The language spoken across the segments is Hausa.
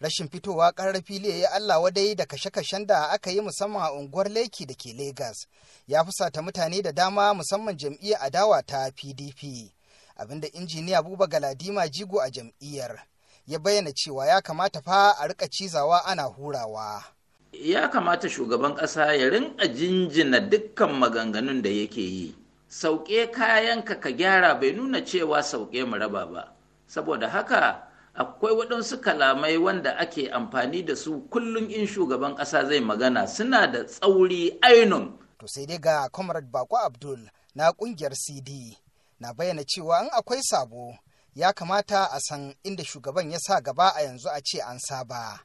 rashin fitowa karar fili ya Allah wadai da kashe-kashen da aka yi musamman a unguwar Leki da ke Legas ya fusata mutane da dama musamman jam'iyyar adawa ta PDP abinda injiniya Buba Galadima jigo a jam'iyyar ya bayyana cewa ya kamata fa a rika cizawa ana hurawa. Ya kamata shugaban ƙasa ya rinka jinjina dukkan maganganun da yake yi. Sauƙe kayanka ka gyara bai nuna cewa sauƙe mu raba ba. Saboda haka akwai waɗansu kalamai wanda ake amfani da su kullum in shugaban ƙasa zai magana suna da tsauri ainun. To sai dai ga Comrade Bako Abdul na ƙungiyar CD na bayyana cewa in akwai sabo ya kamata a san inda shugaban ya sa gaba a yanzu a ce an saba.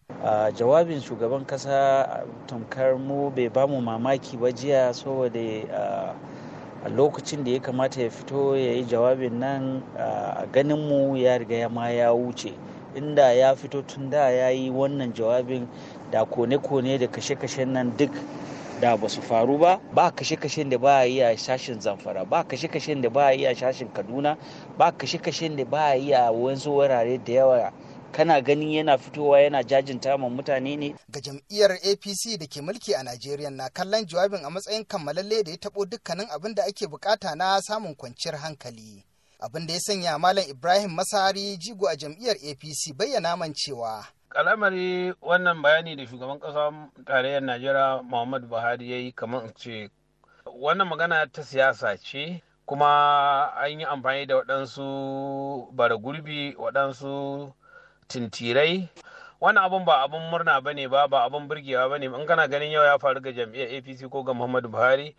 jawabin shugaban ƙasa tamkar mu bai bamu mamaki ba jiya saboda a lokacin da ya kamata ya fito ya yi jawabin nan a mu ya riga ya ma ya wuce inda ya fito tun da ya yi wannan jawabin da kone-kone da kashe-kashen nan duk da ba su faru ba ba kashe-kashen da ba a yi a sashen zamfara ba kashe-kashen da ba a yi a sashen kaduna ba kashe-kashen da ba a yi a wasu wurare da yawa kana gani yana fitowa yana jajinta ma mutane ne ga jam'iyyar apc da ke mulki a najeriya na kallon jawabin a matsayin kammalalle da ya tabo dukkanin abin da ake bukata na samun kwanciyar hankali abin da ya sanya malam ibrahim masari jigo a jam'iyyar apc bayyana man cewa kalamari wannan bayani da shugaban ƙasar tarayyar najeriya muhammadu buhari ya yi kamar ce wannan magana ta siyasa ce kuma an yi amfani da waɗansu bara gurbi waɗansu tintirai wani abun ba abun murna ba ne ba ba abun burgewa ba ne in kana ganin yau ya faru ga jam'iyyar apc ko ga muhammadu buhari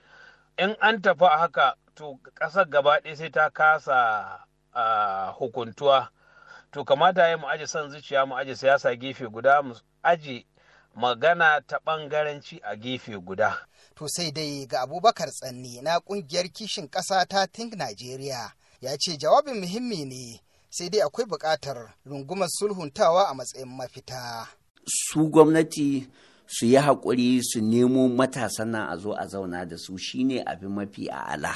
in an tafi a haka to ƙasar gaba ɗaya sai ta kasa hukuntuwa to kamata ya mu aje son zuciya mu aje siyasa gefe guda mu aje magana ta ɓangaranci a gefe guda. To sai dai ga Abubakar Tsanni na ƙungiyar kishin ƙasa ta Think Nigeria ya ce jawabin muhimmi ne sai dai akwai buƙatar rungumar sulhuntawa a matsayin mafita. Su gwamnati su yi haƙuri su nemo matasana a zo a zauna da su shine abin mafi a'ala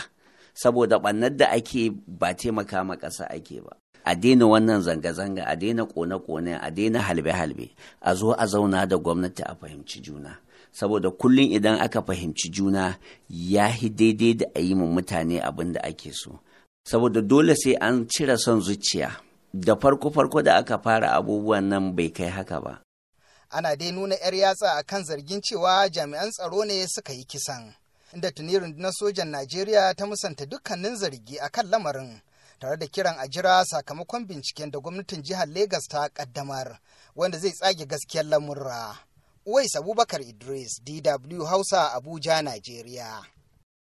saboda ɓannar da ake ba taimaka ma ƙasa ake ba. a daina wannan zanga-zanga a daina ƙone-ƙone, a daina halbe-halbe a zo a zauna da gwamnati a fahimci juna saboda kullum idan aka fahimci juna ya daidai da a yi mutane abin da ake so saboda dole sai an cire son zuciya da farko-farko da aka fara abubuwan nan bai kai haka ba ana dai nuna 'yar yatsa a kan zargin cewa jami'an tsaro ne suka yi kisan inda tuni rundunar sojan najeriya ta musanta dukkanin zargi a kan lamarin tare da kiran a jira sakamakon binciken da gwamnatin jihar Legas ta kaddamar wanda zai tsage gaskiyar lamurra. Uwais Abubakar Idris, DW Hausa, Abuja, Najeriya.